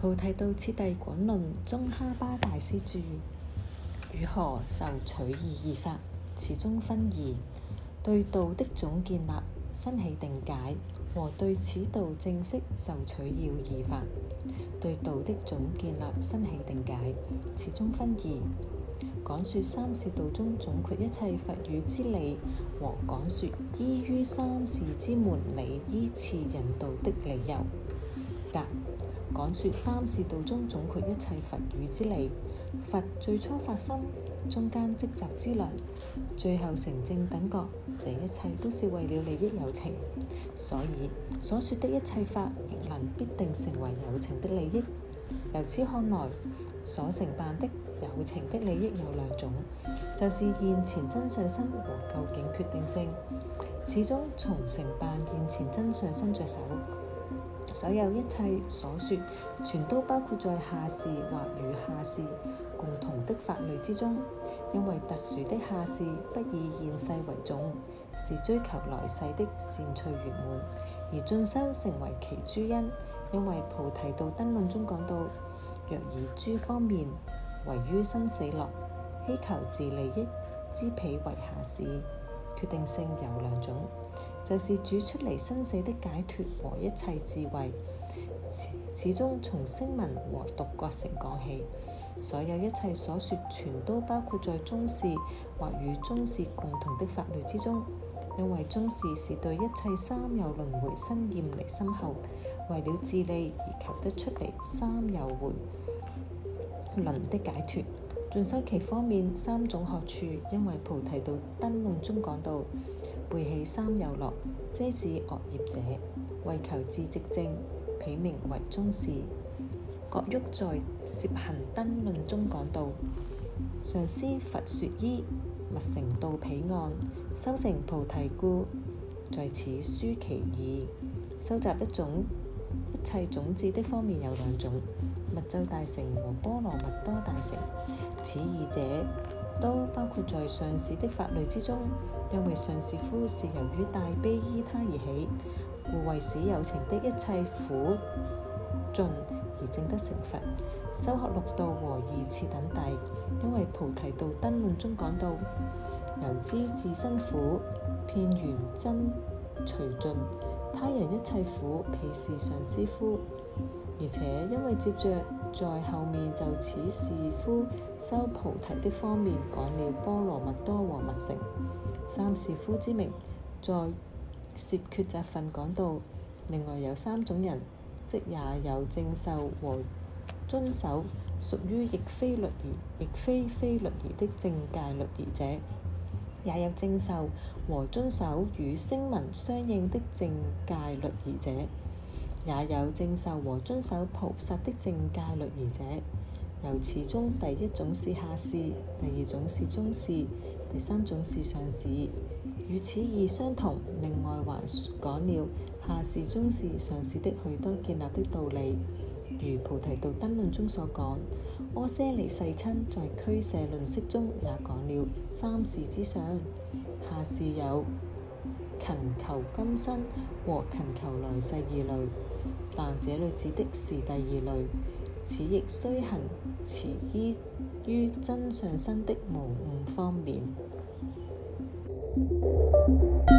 菩提道次第廣論中，哈巴大師著，如何受取二義法，此中分二，對道的總建立、生起定解，和對此道正式受取要義法。對道的總建立、生起定解，此中分二，講説三士道中總括一切佛語之理，和講説依於三士之門理依次引導的理由。及講説三士道中總括一切佛語之理，佛最初發心，中間積集之量，最後成正等覺，這一切都是為了利益有情，所以所說的一切法，亦能必定成為有情的利益。由此看來，所承辦的有情的利益有兩種，就是現前增上生和究竟決定勝，始終從承辦現前增上生着手。所有一切所說，全都包括在下士或與下士共同的法類之中，因為特殊的下士不以現世為重，是追求來世的善趣圓滿而進修成為其諸因。因為菩提道燈論中講到，若以諸方面唯於生死樂，希求自利益知彼為下士。決定性有兩種，就是主出離生死的解脱和一切智慧，始始終從聲聞和獨覺成講起。所有一切所說，全都包括在中士或與中士共同的法類之中，因為中士是對一切三有輪迴生厭離心後，為了自利而求得出離三有輪迴的解脱。盡修期方面，三種學處，因為菩提道燈論中講到，背棄三有樂，遮止惡業者，為求自寂靜，彼名為中士。郭煜在涉行燈論中講到，常思佛説依，物成道彼岸，修成菩提故，在此疏其二。收集一種一切種子的方面有兩種，密咒大乘和波羅蜜多大乘。此二者都包括在上士的法類之中，因為上士夫是由於大悲依他而起，故為使有情的一切苦盡而證得成佛、修學六道和二次等第。因為菩提道燈論中講到：由知自身苦，遍緣真隨盡。他人一切苦，彼是上士夫。而且因為接著在後面就此士夫修菩提的方面講了波羅蜜多和密乘三士夫之名，在攝決擇分講到，另外有三種人，即也有正受和遵守屬於亦非律儀、亦非非律儀的正戒律儀者。也有正受和遵守與聲聞相應的正戒律儀者，也有正受和遵守菩薩的正戒律儀者。由此中第一種是下士，第二種是中士，第三種是上士。與此意相同，另外還講了下士、中士、上士的許多建立的道理。如《菩提道燈論》中所講，阿闍黎世親在《俱舍論釋》中也講了三士之相，下士有勤求今生和勤求來世二類，但這裡指的是第二類，此亦須行持依於真相身的無誤方面。